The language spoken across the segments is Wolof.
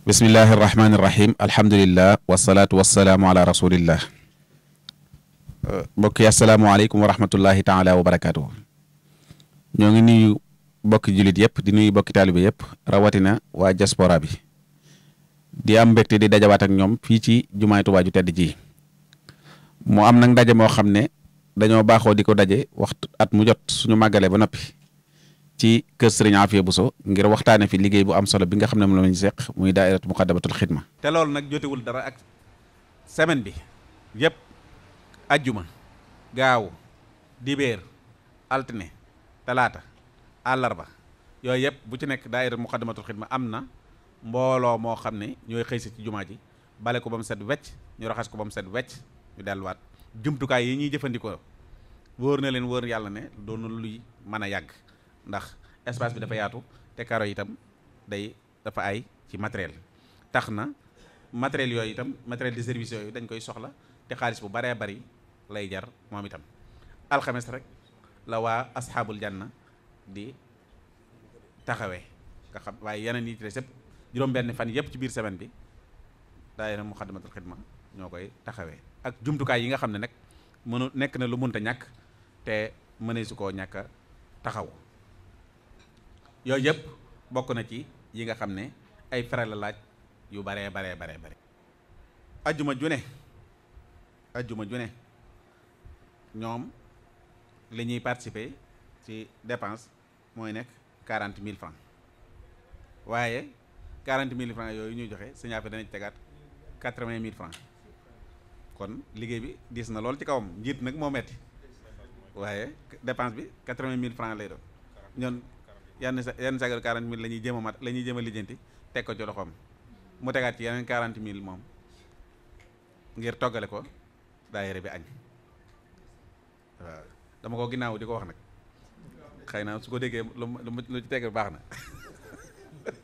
bismillahi irrahmani irrahim alhamdulilah wasalaatu wasalaamu ala rasulillah mbokk yi asalaamualeykum wa rahmatullahi taala wa barakaatu ñoo ngi nuyu bokki jullit yëpp di nuyu bokki taalibe yëpp rawatina waa diaspora bi di am mbégte di dajawaat ak ñoom fii ci jumaay Tuubaa ju ji mu am nag ndaje moo xam ne dañoo baaxoo di ko daje waxtu at mu jot suñu màggalee ba noppi ci kër Serigne bu so ngir waxtaane fi liggéey bu am solo bi nga xam ne moom la ñu seq muy daayiratu muqaddamatul xidma te loolu nag jotewul dara ak semaine bi yépp ajjuma gaaw dibeer altine talaata àllarba yooyu yëpp bu ci nekk daayira muqaddamatul xidma am na mbooloo moo xam ne ñooy xëy si ci jumaa ji bale ko ba mu set wecc ñu raxas ko ba mu set wecc ñu delluwaat jumtukaay yi ñuy jëfandikoo wóor na leen wóor yàlla ne doon luy mën a yàgg espace bi dafa yaatu te karo itam day dafa ay ci matériel tax na matériel yooyu itam matériel de service yooyu dañ koy soxla te xaalis bu baree bari lay jar moom itam alxames rek la waa asxaabul na di taxawee nga xam waaye yeneen yi ci des juróom-benn fan yëpp ci biir semaine bi daayira muxaddamatul xidma ñoo koy taxawee ak jumtukaay yi nga xam ne nag mënu nekk na lu munta ñàkk te mënee su koo ñàkk taxaw yooyu yëpp bokk na ci yi nga xam ne ay frais la laaj yu baree baree baree bare ajjuma ju ne ajjuma ju ne ñoom li ñuy participer ci dépense mooy nekk quarante mille francs waaye quarante mille francs yooyu ñuy joxe sëñ Afia danañ tegaat quatre-vingt mille francs kon liggéey bi diis na lool ci kawam njiit nag moo metti waaye depanse bi quatre-vingt mille francs lay doon yenn sa yenn sagaru quarante mille lañuy ñuy mat la ñuy jëm a lijjanti teg ko ci loxoom mu tegaat ci yeneen quarante mille moom ngir toggale ko daayira bi añ waaw dama ko ginnaaw di ko wax nag xëy na su ko déggee lu lu ci teg baax na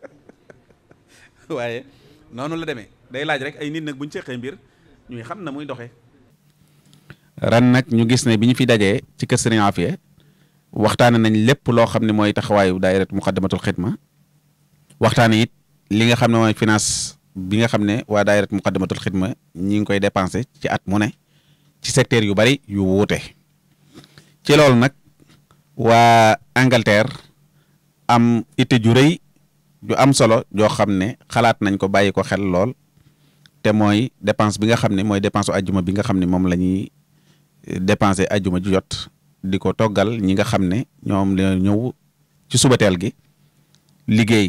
waaye noonu la demee day laaj rek ay nit nag buñ seqee mbir ñuy xam na muy doxe ren nag ñu gis ne bi ñu fi dajee ci kër Serigne Afia waxtaane nañ lépp loo xam ne mooy taxawaayu daay daayiratu muqaddamatul xidma waxtaane it li nga xam ne mooy finance bi nga xam ne waa daayiratu muqaddamatul xidma ñi ngi koy dépensé ci at mu ne ci secteur yu bari yu wuute ci loolu nag waa Angleterre am itte ju rëy ju am solo joo xam ne xalaat nañ ko bàyyi ko xel lool te mooy dépense bi nga xam ne mooy dépense u bi nga xam ne moom la ñuy dépensé ajuma ju jot di ko toggal ñi nga xam ne ñoom la ñëw ci subateel gi liggéey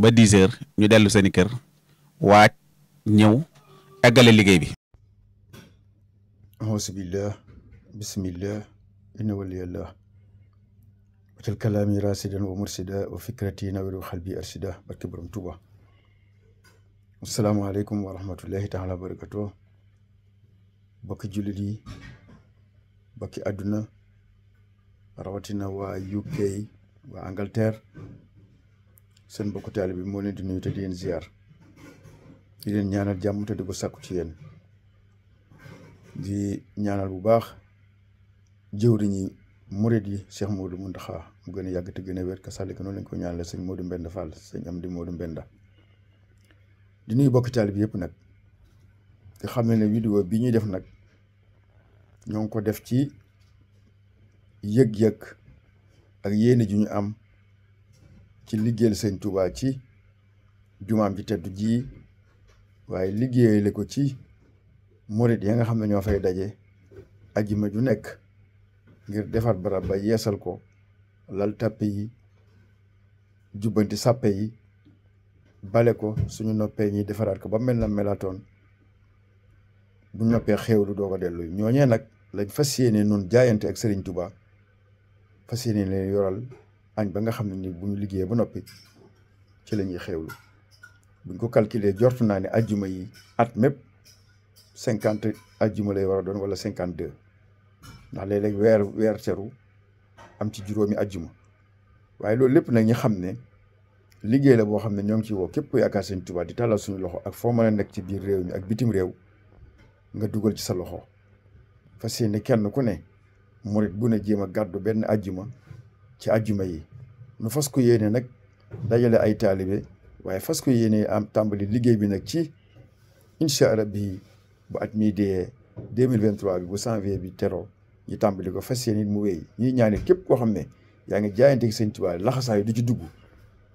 ba dix ñu dellu seeni kër waaj ñëw eggale liggéey bi auzubillah bismillah inna waliyallah watal kalaami rasidan wa mursida wa fikrati nawiru xalbi arsida barke borom tuba asalaamaaleykum wa rahmatullahi taala wa barakatu bokki jullit àdduna rawatina wa UK wa Angleterre seen bokku taali bi moo leen di nuyu te di leen ziar di leen ñaanal jàmm te di ko sàkku ci yéen di ñaanal bu baax jëwriñi murid yi Cheikh Modou Mountakha mu gën a yàgg te gën a wér ka sàllika noonu lañ ko ñaanale sëñ Modou Mbenda Fall sëñ Amdi Modou Mbenda di nuyu bokku taali bi yëpp nag xam ne ne vidéo bi ñuy def nag ñoo ko def ci yëg-yëg ak yéene ju ñu am ci liggéeyal sëñ Tuubaa ci jumaam ji teddu ji waaye liggéeyale ko ci murit ya nga xam ne ñoo fay daje ajjuma ju nekk ngir defar barab ba yeesal ko lal tàppe yi jubbanti sàppe yi bale ko suñu noppee ñi defaraat ko ba mel na melatoon bu noppee lu doo ko dellu ñooñee nag lañ fas yéene nun jaayante ak Sëriñ Tuubaa fas yéene leen yoral añ ba nga xam ne ni bu ñu liggéeyee ba noppi ci la ñuy xewlu buñ ko calculer jortu naa ne ajjuma yi at mépp cinquante ajjuma lay war a doon wala cinquante deux ndax léeg-léeg weer weer teru am ci juróomi ajjuma waaye loolu lépp nag ñu xam ne liggéey la boo xam ne ñoo ngi ci woo képp yaakaar sëñ Tuubaa di tàllal suñu loxo ak foo mën a nekk ci biir réew mi ak bitim réew nga dugal ci sa loxo fas yéene kenn ku ne murit bu ne jéem a gàddu benn ajjuma ci ajjuma yi nu fas ko yéene nag dajale ay taalibe waaye fas ko yéene am tàmbali liggéey bi nag ci incha allah bi bu at mii dee deux mille vingt bi bu janvier bi teroo ñu tàmbali ko fas yéene mu wéy ñuy ñaanit képp koo xam ne yaa ngi jaayanteeg sëñ Tuubaa laxasaay du ci dugg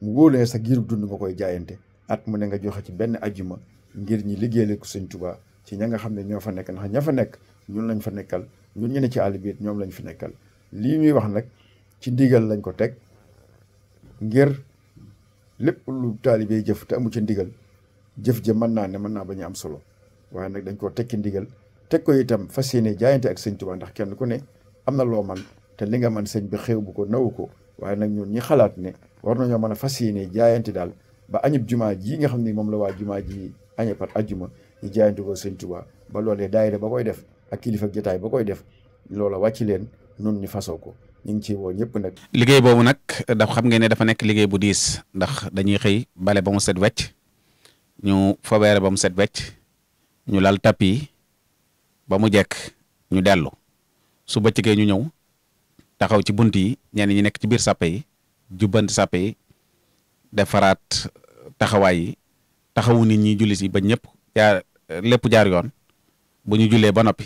mu wóolu ne sa giirug dund nga koy jaayante at mu ne nga joxe ci benn ajjuma ngir ñi liggéeyale ko sëñ Tuubaa ci ña nga xam ne ñoo fa nekk ndax ña fa nekk ñun lañ fa nekkal. ñun ñu ne ci àll bi it ñoom lañ fi nekkal lii ñuy wax nag ci ndigal lañ ko teg ngir lépp lu taalibee jëf te amu ci ndigal jëf ja mën naa ne mën naa bañ am solo waaye nag dañ koo ki ndigal teg ko itam fas yéene jaayante ak sëñ Tuubaa ndax kenn ku ne am na loo man te li nga man sëñ bi xew bu ko nawu ko waaye nag ñun ñi xalaat ne war nañoo mën a fas yéene jaayante daal ba añub jumaa ji nga xam ne moom la waa jumaa ji añe par ajjuma ñu jaayante ko sëñ ba loolee daayira ba koy def ak kilifa jotaay ba koy def loola wàcc leen nun ñu fasoo ko ñu ngi ciy woo ñëpp nag. liggéey boobu nag da xam ngeen ne dafa nekk liggéey bu diis ndax dañuy xëy bale ba mu set wecc ñu fobeere ba mu set wecc ñu lal yi ba mu jekk ñu dellu su bëccëgee ñu ñëw taxaw ci bunt yi ñenn ñu nekk ci biir sàppe yi jubbanti sàppe yi defaraat taxawaay yi taxawu nit ñi jullis yi ba ñëpp jaar lépp jaar yoon. bu ñu jullee ba noppi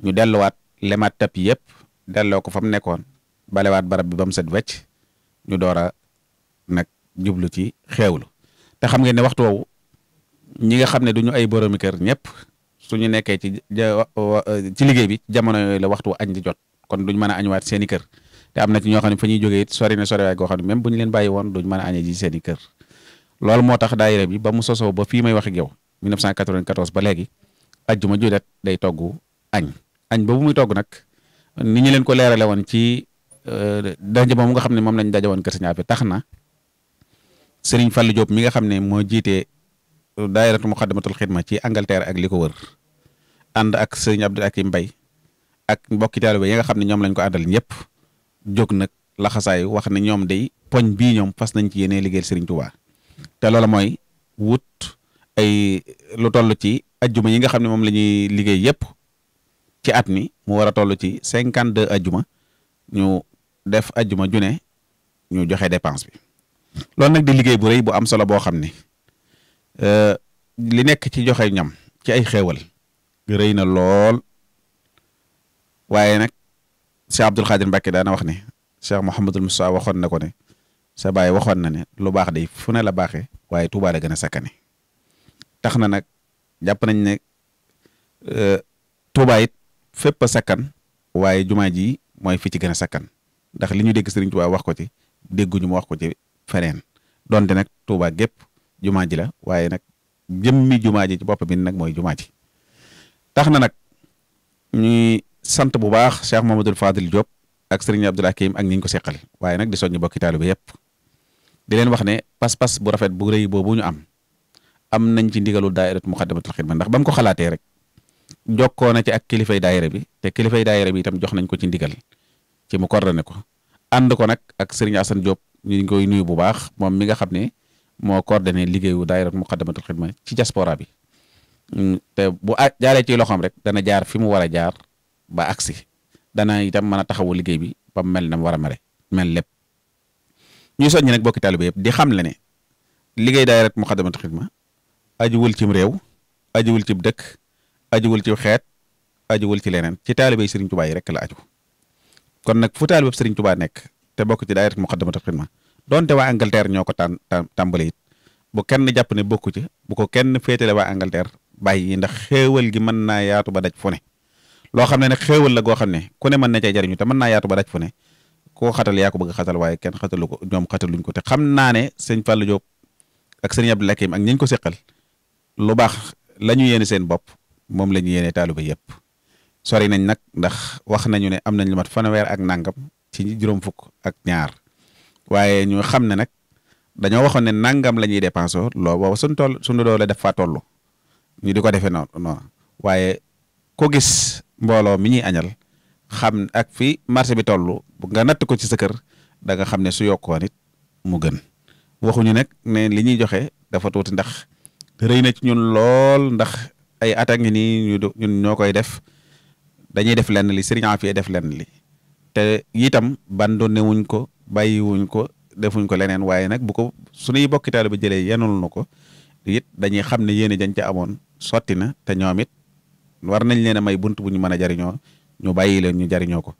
ñu delluwaat lemaat tapis yëpp delloo ko fa mu nekkoon balewaat barab bi ba mu set wecc ñu door a nag jublu ci xeew xeewlu te xam ngeen ne waxtu woowu ñi xam ne du ñu ay boroomi kër ñëpp su ñu ci ci liggéey bi jamono yooyu la añ di kon duñ mën a añwaat seen i kër te am na ñoo xam ne fa ñuy jógee it sori sori waay goo xam ne même bu ñu leen bàyyi woon duñ mën a añee ji seen i kër loolu moo tax daayira bi ba mu sosoo ba fii may wax ak yow 1994 ba léegi ajjuma ju det day togg añ añ boobu muy togg nag ni ñu leen ko leerale woon ci euh, daje moom nga xam ne moom lañ daje woon kër Sëñ Afe tax na Serigne Fallou Diop mi nga xam ne moo jiite daayiratu Muxaddamatul Xidma ci Angleterre ak li ko wër ànd ak Serigne Abdou Akim Mbay ak mbokki taalibe yi nga xam ne ñoom lañ ko àndal ñëpp jóg nag laxasaay wax ne ñoom day poñ bii ñoom fas nañ ci yéene liggéey Serigne Touba te loolu mooy wut. ay lu toll ci ajuma yi nga xam ne moom la ñuy liggéey yépp ci at mi mu war a toll ci cinquante de ajuma ñu def ajuma june ñu joxe dépense bi loolu nag di liggéey bu rëy bu am solo boo xam ni euh, li nekk ci joxe ñam ci ay xéewal rëy na lool waaye nag Cheikh Abdoul Khadir daan daana wax ne Cheikh Mouhamadul Moussa waxoon na ko ne sa baay waxoon na ne lu baax day fu ne la baaxee waaye Tuubaa la gën a sakkane tax na nag jàpp nañ ne euh, Tuubaa it fépp a sakkan waaye jumaa ji mooy fi ci gën a sakkan ndax li ñu dégg Sëriñ Tuubaa wax ko ci dégguñu mu wax ko ci feneen donte nag Tuubaa gépp jumaa ji la waaye nag jëmmi jumaa ji ci bopp bi nag mooy jumaa ji tax na nag ñuy sant bu baax Cheikh Mamadou Fadil Diop ak Sëriñ Abdou Hakim ak ñi ñu ko seqal waaye nag di soññu bokki taalibe yëpp di leen wax ne pas-pas bu rafet bu rëy boobu ñu am am nañ ci ndigalu daairatu muxaddamatul xidma ndax ba mu ko xalaatee rek jokkoo na ci ak kilifay daayira bi te kilifay daayira bi itam jox nañ ko ci ndigal ci mu coordonné ko ànd ko nag ak sëriñ Assane Diop ñu ngi koy nuyu bu baax moom mi nga xam ne moo coordonné liggéeyu daayiratu muxaddamatul xidma ci diaspora bi mm, te bu jaaree ci loxoom rek dana jaar fi mu war a jaar ba agsi dana itam mën a taxawu liggéey bi ba mel na mu war a mare mel lépp ñuy soññi nag bokki taalibe yëpp di xam le ne liggéey daayiratu muxaddamatul xidma ajiwul cim réew ajiwul cib dëkk wul ci xeet wul ci leneen ci taalibey Sëriñ Tuubaa yi rek la aju kon nag fu taalibeb Sëriñ Tuubaa nekk te bokk ci daayira Muqaddamatul Xidma donte waa Angleterre ñoo ko tàn tàmbale bu kenn jàpp ne bokku ci bu ko kenn féetale waa Angleterre bàyyi ndax xéewal gi mën naa yaatu ba daj fu ne loo xam ne nag xéewal la goo xam ne ku ne mën na cay jariñu te mën naa yaatu ba daj fu ne koo xatal yaa ko bëgg xatal waaye kenn xatalu ko ñoom xataluñ ko te xam naa ne sëñ Fallou ak sëñ Abdoulaye Kim ak ñiñ ko seqal lu baax lañu ñu seen bopp moom lañu ñu yéene taaliba yëpp sori nañ nag ndax wax nañu ne am nañ lu mat fanweer ak nangam ci juróom fukk ak ñaar waaye ñu xam ne nag dañoo waxoon ne nangam la ñuy dépensé loo booba suñ toll suñu doole def faa toll ñu di ko defee noonu noonu waaye ko gis mbooloo mi ñuy añal xam ak fi marché bi toll nga natt ko ci sa kër da nga xam ne su yokkoon it mu gën waxuñu nag ne li ñuy joxe dafa tuuti ndax. rëy na ci ñun lool ndax ay at a ngi ñun ñoo koy def dañuy def lenn li sëriñ Afia def lenn li te itam bandone wuñ ko bàyyiwuñ ko defuñ ko leneen waaye nag bu ko suñuy bokki taalibe jëlee yenul na ko it dañuy xam ne yéen dañ ca amoon sotti na te ñoom it war nañ leen may bunt bu ñu mën a jariñoo ñu bàyyi leen ñu jariñoo ko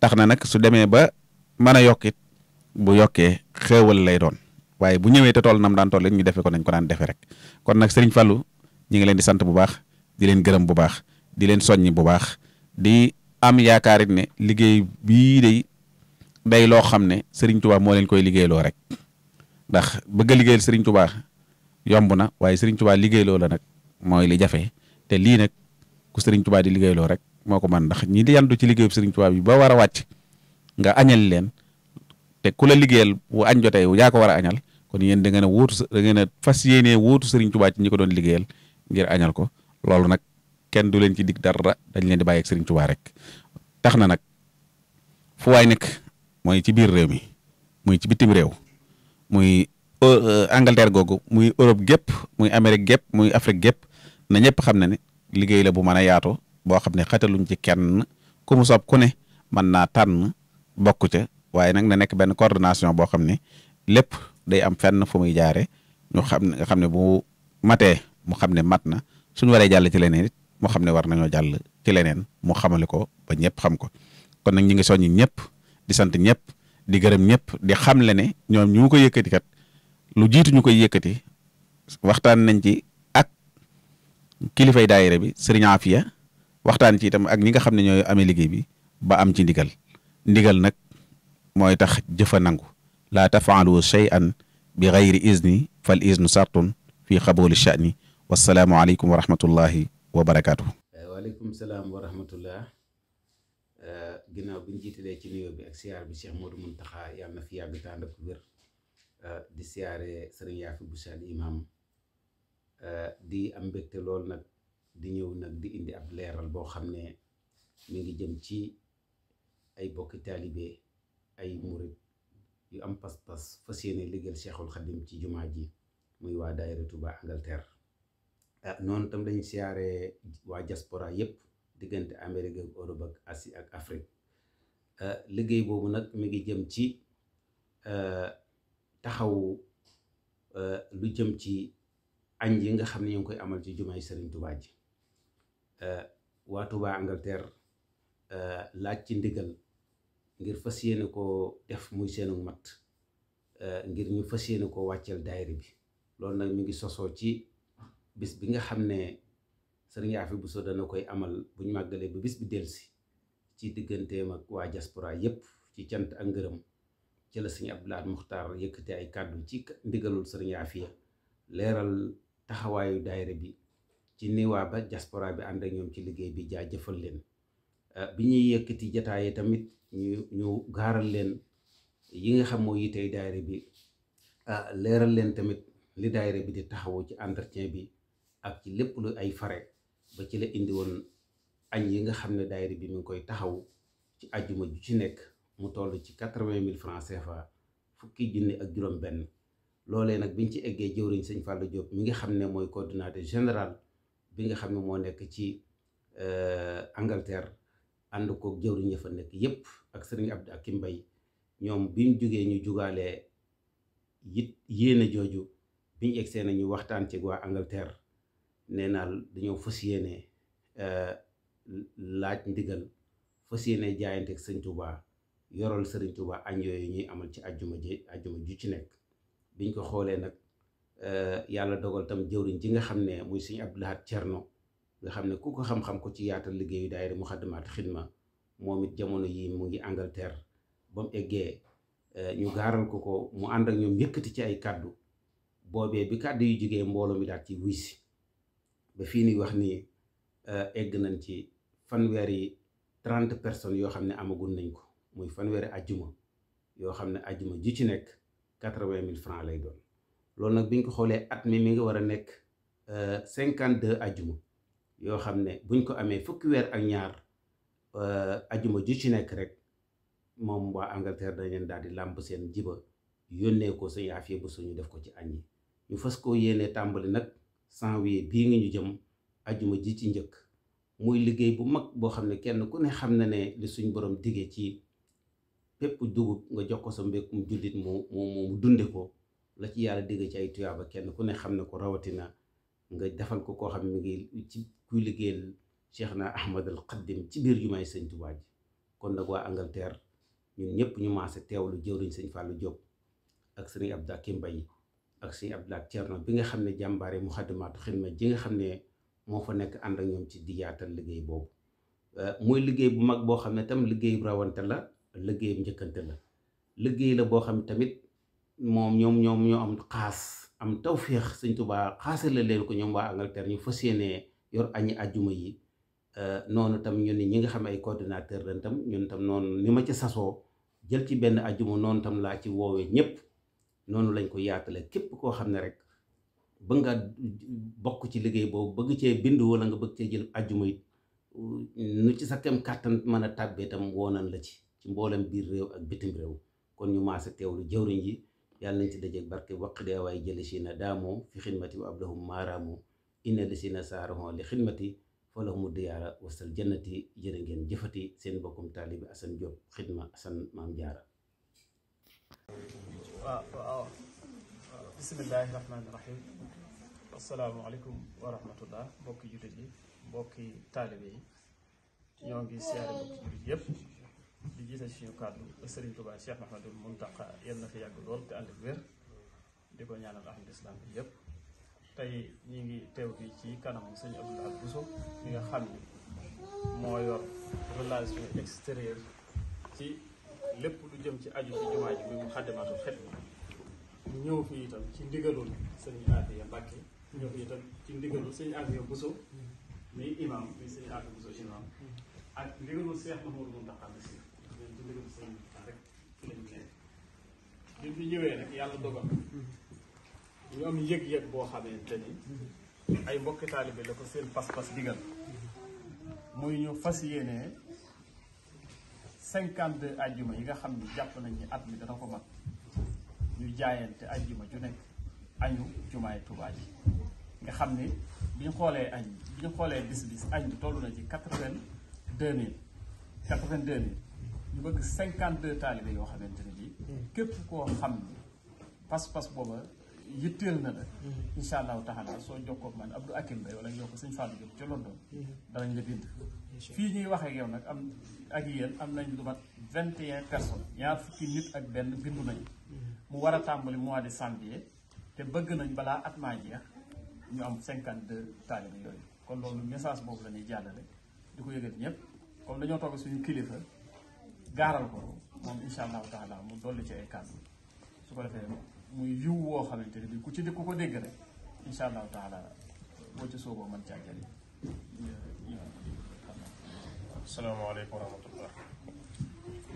tax na nag su demee ba mën a yokkit bu yokkee xewal lay doon waaye bu ñëwee te tool nam daan toll ñu defee ko nañ ko daan defee rek kon nag Serigne Fallou ñi ngi leen di sant bu baax di leen gërëm bu baax di leen soññ bu baax di am yaakaar it ne liggéey bii day day loo xam ne sëriñ Touba moo leen koy liggéeyloo rek ndax bëgg a sëriñ Serigne Touba yomb na waaye Serigne Touba liggéeyloo la nag mooy li jafe te lii nag ku Serigne Touba di liggéeyloo rek moo ko mën ndax ñi di yandu ci liggéeyu Serigne Touba bi ba war a wàcc nga añal leen. te ku la liggéeyal bu añ jotee yaa ko war a añal kon yéen da ngeen a wóotu da ngeen a fas yéenee wóotu Serigne Touba ci ñi ko doon liggéeyal ngir añal ko loolu nag kenn du leen ci digg dara dañ leen di bàyyi ak Serigne rek tax na nag fu waay nekk mooy ci biir réew mi muy ci bitim réew muy e, e, Angleterre googu muy Europe gépp muy Amérique gépp muy Afrique gépp na ñëpp xam na ne liggéey la bu mën a yaatu boo xam ne xataluñ ci kenn ku mu sob ku ne mën naa tànn bokk ca waaye nag na nekk benn coordination boo xam ne lépp day am fenn fo muy jaare ñoo xam ne nga xam ne bu matee mu xam ne mat na suñu waree jàll ci leneen it mu xam ne war nañoo jàll ci leneen mu xamale ko ba ñëpp xam ko kon nag ñu ngi ñi ñëpp di sant ñëpp di gërëm ñëpp di xam le ne ñoom ñu ko yëkkati kat lu jiitu ñu koy yëkkati waxtaan nañ ci ak kilifay daayira bi sëriñ Afia waxtaan ci itam ak ñi nga xam ne ñooy amee liggéey bi ba am ci ndigal ndigal nag mooy tax jëfa nangu laa tafaalu shay'an bi gayri izni fal iznu sartun fi xaboli sha'ni wasalaamu aleykum wa rahmatullahi wa barakaatu. salaam wa rahmatullah euh, ginnaaw bi ñu jiitalee ci nuyoo bi ak siyaar bi Cheikh Modou Mountakha yàlla na fi yàgg tànd ak wér euh, di siyaare sëriñ Yaafi Bousso al imam euh, di am mbégte lool nag di ñëw nag di indi ab leeral boo xam ne mi ngi jëm ci ay bokki taalibe ay murit yu am pas-pas fas yéene liggéeyal Cheikhul Khadim ci jumaa ji muy waa daayira Touba Angleterre ah noonu tam dañ siyaare waa jasporaa yépp diggante Amérique ak Europe ak Asie ak Afrique ah, liggéey boobu nag mi ngi jëm ci ah, taxaw ah, lu jëm ci añ yi nga xam ne ñu ngi koy amal ci jumaay Serigne Touba ji waa Touba Angleterre laaj ci ndigal ngir fas yéene ko def muy seenu mat eh, ngir ñu fas yéene ko wàcceel daayira bi loolu nag mi ngi sosoo ci bis bi nga xam ne Sëriñ Afi Buso dana koy amal bu màggalee ba bis bi dellusi ci digganteem ak waa diaspora yépp ci cant ak ngërëm ci la Sëriñ Abdul Ahad Muxtaar yëkkate ay kàddu ci ndigalul Sëriñ Afiya leeral taxawaayu daayira bi ci ni waa ba diaspora bi ànd ak ñoom ci liggéey bi jaajëfal leen eh, bi ñuy yëkkati jataay tamit ñu ñu gaaral leen yi nga xam moo yitey daayira bi ah, leeral leen tamit li daayira bi di taxawu ci entretien bi ak ci lépp lu ay fare ba ci la indi woon añ yi nga xam ne daayira bi mi ngi koy taxaw ci ajjuma ju ci nekk mu toll ci quatre-vingt mille francs CFA fukki junni ak juróom benn loolee nag biñ ci eggee jëwriñ sëñ Fallou Diop mi nga xam ne mooy coordinateur général bi nga xam ne moo nekk ci euh, Angleterre ànd koog jëwriñ ya fa nekk yépp ak sëriñ Abdou ak mbay ñoom bi mu jógee ñu jugaalee it yéene jooju biñ egsee nañu waxtaan ci waa Angleterre nee naa dañoo fas yéene euh, laaj ndigal fas yéene jaayante ak sëñ Touba yoral sëriñ Touba añ yooyu ñuy amal ci ajjuma ji ajjuma ju ci nekk biñ ko xoolee nag euh, yàlla dogal tam jëwriñ ji nga xam ne muy sëñ Abdou Lahad Cerno nga xam ne ku ko xam-xam ko ci yaatal liggéeyu daayira Muxaddamatul Xidma moom it jamono yii mu ngi Angleterre ba mu eggee eh, ñu gaaral ko ko mu ànd ak ñoom yëkkati ci ay kàddu boobee bi kàddu yu jigee mbooloo mi daal ci wuy ba fii ni wax eh, nii egg nañ ci fanweeri trente personnes yoo xam ne amagun nañ ko muy fanweeri ajjuma yoo xam ne ajjuma ju ci nekk quatre-vingt mille francs lay doon loolu nag biñ ko xoolee at mi mi ngi war a nekk eh, cinquante deux ajjuma yoo xam ne buñ ko amee fukki weer ak ñaar euh, ajuma ju ci nekk rek moom waa Angleterre dañ leen daal di làmb seen jiba yónnee ko suñu affaire bu suñu def ko ci añ yi ñu fas koo yéenee tàmbali nag janvier bii ngi ñu jëm ajuma ji ci njëkk muy liggéey bu mag boo xam ne kenn ku ne xam ne ne li suñ borom digee ci pépp dugub nga jox ko sa mbékkum jullit mu mu mu dunde ko la ci yàlla digg ci ay tuyaaba kenn ku ne xam ne ko rawatina nga defal ko koo xam ne mi ngi ci kuy liggéeyal cheikh na ahmad al xaddim ci biir jumaay sëñ Tuubaa ji kon nag waa Angleterre ñun ñëpp ñu maase teewlu jëwriñ sëñ Fallou Diop ak sëriñ Abdou Akim Mbaye ak sëñ Abdou Lahad Thierno bi nga xam ne jàmbaar jàmbaare Muxaddamatul Xidma ji nga xam ne moo fa nekk ànd ak ñoom ci di yaatal liggéey boobu euh, muy liggéey bu mag boo xam ne tam liggéey rawante la liggéey njëkkante la liggéey la boo xam tamit moom ñoom ñoom ñoo am tawféex sëñ Tuubaa xaasale leen ko ñoom waa Angleterre ñu fa yéenee yor añi ajjuma yi euh, noonu tam ñun ñi nga xam ay coordinateur lañ tam ñun tam noonu ni ma ci sasoo jël ci benn ajjuma noonu tam laa ci woowee ñëpp noonu lañ ko yaatale képp koo xam ne rek ba nga bokk ci liggéey boobu bëgg cee bind wala nga bëgg cee jël ajjuma yi nu ci sa tem kàttan mën a tàbbee tam woonan la ci ci mboolem biir réew ak bitim réew kon ñu maase teewlu jëwriñ ji yàlla nañ ci dajeeg barke waq dee waaye jëli si na daamoo fi xidmati wa ablahum maaraamoo inna li si na saarahoo li xidmati fa lahumu diyaara wasal jannati jërë ngeen jëfati seen bokkum taalibi Asan Jóob xidma Asan Maam Jaara waaw bismillaahi rahmaani rahiim asalaamaaleykum wa yi mbokki taalibe yi ñoo ngi siyaare mbokki jullit di jiite ci suñu kàddu Serigne Touba Cheikh Mouhamadoul Mountakha yal na fi yàgg lool te ànd ak wér di ko ñaanal ahmad islam bi yëpp tey ñi ngi teew bi ci kanam sëñ Abdoulaye Bousso nga xam ni moo yor lu jëm ci aju ci jumaa ji muy Moukhaddamatoul Khidma ñu ñëw fi itam ci ndigalul sëñ Afiya Mbàkke ñëw fi itam ci ndigalul sëñ Afiya Bousso mi imam mi sëñ Afiya Bousso imam ak ndigalul Cheikh Mouhamadoul Mountakha Bousso ndigal sëñ bi rek nag yàlla dogal ñu am yëg-yëg boo xamante ni ay mbokki taalibe la ko seen pas-pas digal muy ñu fas yéenee cinquante de ajjuma yi nga xam ni jàpp nañ ni at mi dana ko mat ñu jaayante ajjuma ju nekk añu jumaay Tuubaa ji nga xam ni bi xoolee añ bi xoolee bis bis añ bi toll na ci quatre-vingt-deux mille quatre-vingt-deux mille ñu bëgg cinquante deux taalibe yoo xamante ne bii. Hmm. képp koo xam ni pas-pas booba yitteel na la. Hmm. incha allahu taala soo jox ak man Abdou Akim Mbaye wala ñoo ko sëñ Fallou Diop ca London. Hmm. danañ la bind. fii ñuy wax ak yow nag am ak yéen am nañ lu mat vingt et un personnes ñaar fukki nit ak benn bindu nañu. mu war a tàmbali mois de janvier te bëgg nañ balaa at maa jeex ñu am cinquante deux taalibe yooyu kon loolu message boobu la ñuy jàllale di ko yëgal ñëpp comme dañoo toog suñu kilifa. gaaral ko moom insha allahu taala mu dolli ci ay kàddu su ko defee muy yiw woo xamante ne bi ku ci di ku ko dégg rek insha allahu taala boo ci sooboo mën caa jëriñ asalaamaaleykum wa rahmatullah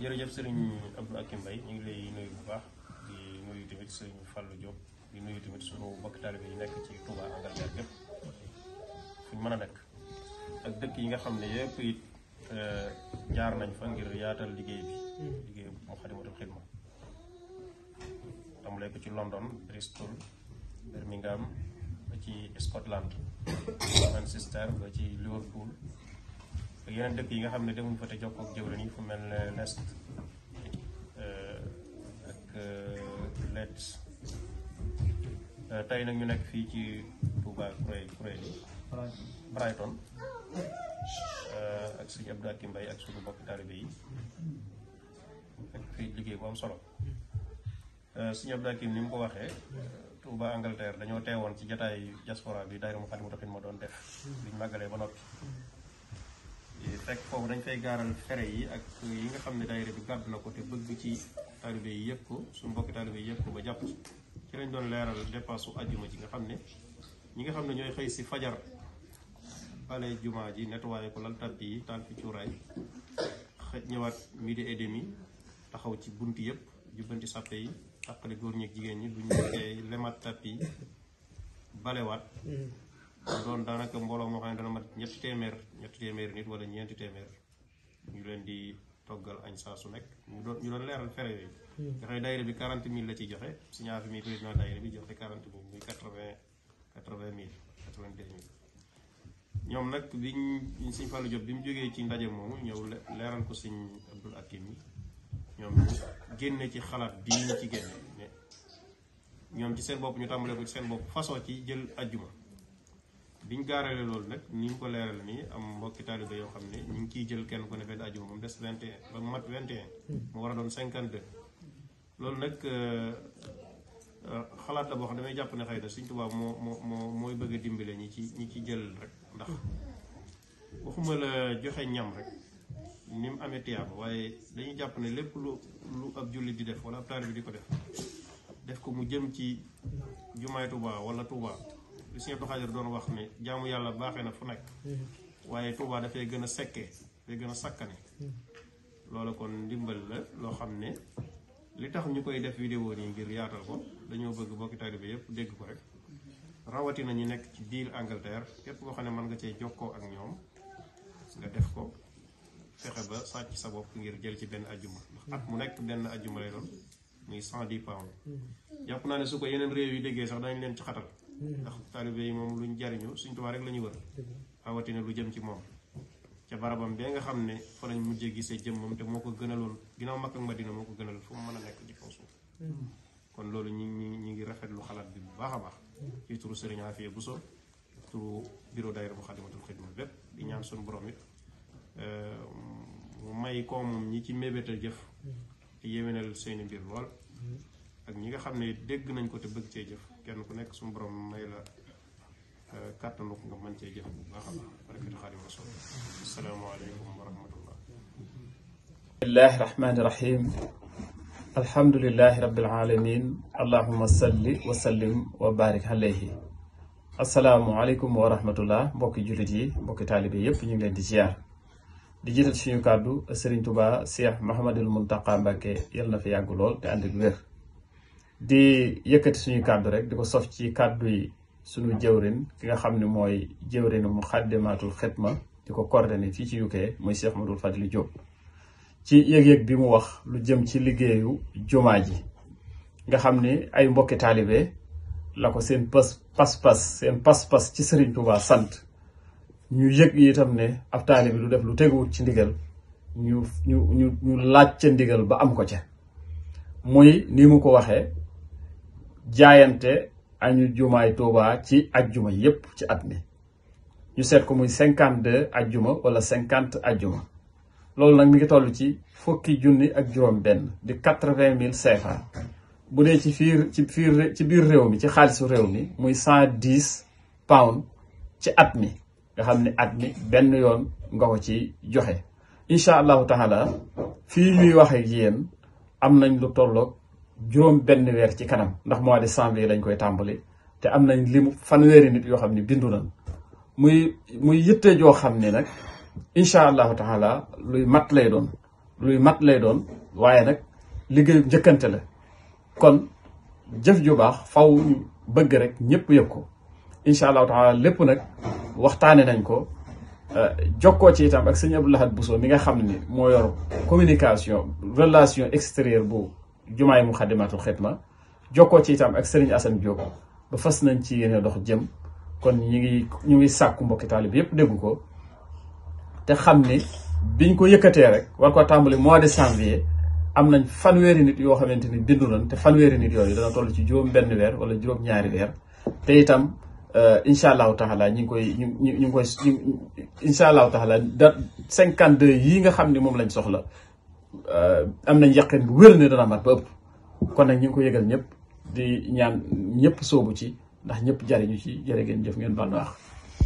jërëjëf sëriñ Abdou Akim Mbaye ñu ngi lay nuyu bu baax di nuyu tamit sëriñ Fallou di nuyu tamit sunu bokk taalibe yi nekk ci Touba Angalgare yëpp fu ñu mën a nekk ak dëkk yi nga xam ne yëpp it Euh, jaar nañ fa ngir yaatal liggéey bi hmm. liggéey Moukhaddamatoul Khidma tàmbalee ko ci London Bristol Birmingham ba ci Scotland Manchester ba ci Liverpool ak yeneen dëkk yi nga xam ne demuñ fa te jokkoo ak jëwriñ yi fu mel ne l'est euh, ak euh, Leeds tey nag ñu nekk fii ci Touba kuréel kuréel Brighton ak sëñ Abdou Akim ak suñu mbokk taalibe yi fekk liggéey bu am solo euh, sëñ Abdou Akim ni mu ko waxee Touba Angleterre dañoo teewoon ci jataay diaspora bi daayira Moukhaddamatoul ma doon def biñ màggalee ba noppi fekk foofu dañ koy gaaral fere yi ak yi nga xam ne daayira bi gàddu na ko te bëgg ci taalibe yi yëpp ko suñu mbokki taalibe yëpp ko ba jàpp ci lañ doon leeral dépense u ajjuma ji nga xam ne ñi nga xam ne ñooy xëy si fajar bale jumaa ji nettoyé ko lal tànt yi taal fi cuuraay xëj ñëwaat midi et taxaw ci bunt yëpp jubbanti sàppe yi tàqale góor ñeeg jigéen ñi bu ñu tey lemaat tàpp yi balewaat mm. doon daanaka mbooloo moo xam ne dana mat ñetti téeméer ñetti téeméer nit wala ñeenti téeméer ñu leen di toggal añ saa su nekk ñu doon ñu doon leeral fere yooyu nga xam ne bi quarante mille la ci joxe si ñaar fi muy président daayira bi joxe quarante mille muy quatre vingt quatre vingt mille ñoom nag biñ Sëñ Fallou Diop bi mu jógee ci ndaje moomu ñëw leeral ko Sëñ Abdul Hakim yi ñoom génne ci xalaat bi ñu ci génne ñoom ci seen bopp ñu tàmbalee ko ci seen bopp façon ci jël ajjuma biñ gaarale loolu nag ni ñu ko leeral nii am mbokki taalibe yoo xam ne ñu ngi ciy jël kenn ku ne benn ajjuma ba mu des vingt un ba mu mat vingt et un mu war a doon cinquante deux loolu nag euh, xalaat la boo xam damay jàpp ne xëy na Sëñ Tuubaa moo moo moo mooy bëgg a dimbale ñi ci ñi ci jël rek ndax waxuma la joxe ñam rek ni mu amee tiyaaba waaye dañuy jàpp ne lépp lu lu ab jullit di def wala ab taalibe bi di ko def def ko mu jëm ci jumaay Tuubaa wala Tuubaa li Sëñ Abdu doon wax ne jaamu yàlla baaxee na fu nekk waaye Tuubaa dafay gën a sekkee dafay gën a sakkane hmm. loolu kon ndimbal la loo xam ne li tax ñu koy def vidéo nii ngir yaatal ko dañoo bëgg bokki taalibe bi yëpp dégg ko rek rawatina ñi nekk ci biir Angleterre képp koo xam ne mën nga cee jokkoo ak ñoom nga def ko fexe ba sàcc sa bopp ngir jël ci benn ajjuma ndax at mu nekk benn ajjuma lay doon muy cent dix pounds jàpp naa ne su ko yeneen réew yi déggee sax dañu leen ci xatal ndax taalibe yi moom luñ jariñu suñ tubaab rek la ñu wër rawatina lu jëm ci moom barabam de nga xam ne fa lañ mujjee gisee jëmmam te moo ko gënaloon ginnaaw Makka ak Madina moo ko gënal fu mën a nekk ci kaw suuf kon loolu ñi ñi ñi ngi rafetlu xalaat bi bu baax a baax ci turu Serigne bu so turu bureau daayira Moukhaddamatoul Khidma bépp di ñaan suñu borom it euh, may ko moom ñi ci mébét a jëf te yéwénal seeni mbir lool ak ñi nga xam ne dégg nañ ko te bëgg cee jëf kenn ku nekk suñu borom may la Euh, kàttanu ko nga rahim alhamdulilahi rabbil alamin allahuma salli wa sallim wa barik alayhi asalaamualeykum wa rahmatullah mbokki jullit yi mbokki taalibe yépp ñu ngi leen di ziar di jiital suñu kàddu sëriñ tubaa cheikh mahamadul muntaqa mbàkke yal fi yàgg lool te ànd ak wér di yëkkati suñu kàddu rek di ko sof ci kàddu yi sunu jëwrin ki nga xam ne mooy jëwrinu mu xàddimaatul ma di ko coordonné fii ci UK mooy Cheikh faj li Diop ci yëg-yëg bi mu wax lu jëm ci liggéeyu jumaa ji nga xam ni ay mbokki taalibe la ko seen pas pas-pas seen ci Serigne Touba sant ñu yëg itam ne ab taalibe lu def lu teguwut ci ndigal ñu ñu ñu ñu laaj ca ndigal ba am ko ca muy ni mu ko waxee jaayante añu jumaay Touba ci juma yépp ci at mi ñu seet ko muy cinquante deux ajjuma wala cinquante ajjuma loolu nag mi ngi toll ci fukki junni ak juróom benn di quatre vingt mille fa bu dee ci fii ci fii ci biir réew mi ci xaalisu réew mi muy cent dix pound ci at mi nga xam ne at mi benn yoon nga ko ci joxe incha allahu taala fii ñuy wax ak yéen am nañ lu tolloog juróom benn weer ci kanam ndax mois de janvier lañ koy tàmbali te am nañ limu fanweeri nit yoo xam ne bindu nañ muy muy yitte joo xam ne nag incha allahu taala luy mat lay doon luy mat lay doon waaye nag liggéeyu njëkkante la kon jëf ju baax faw bëgg rek ñëpp yëg ko incha allahu taala lépp nag waxtaane nañ ko euh, jokkoo ci itam ak sëñ Abdou Lahad Bousso mi nga xam ni moo yor communication relation extérieure boobu jumaay xet ma jokkoo ci itam ak Serigne Assane Diop ba fas nañ ci yéene dox jëm kon ñu ngi ñu ngi sàkku mbokki taalib yëpp dégg ko te xam ni biñ ko yëkkatee rek war ko tàmbali mois de janvier am nañ fanweeri nit yoo xamante ni bindu nañ te fanweeri nit yooyu dana toll ci juróom benn weer wala juróom ñaari weer te itam euh, incha allahu taala ñu ngi koy ñu ñu ngi koy incha allahu taala da 52 yii nga xam ni moom lañ soxla. Euh, am nañ yaqin bu wér ne dana mat ba ëpp kon nag ñu ngi ko yëgal ñëpp di ñaan ñëpp soobu ci ndax ñëpp jariñu ci jërë ngeen jëf ngeen bal wax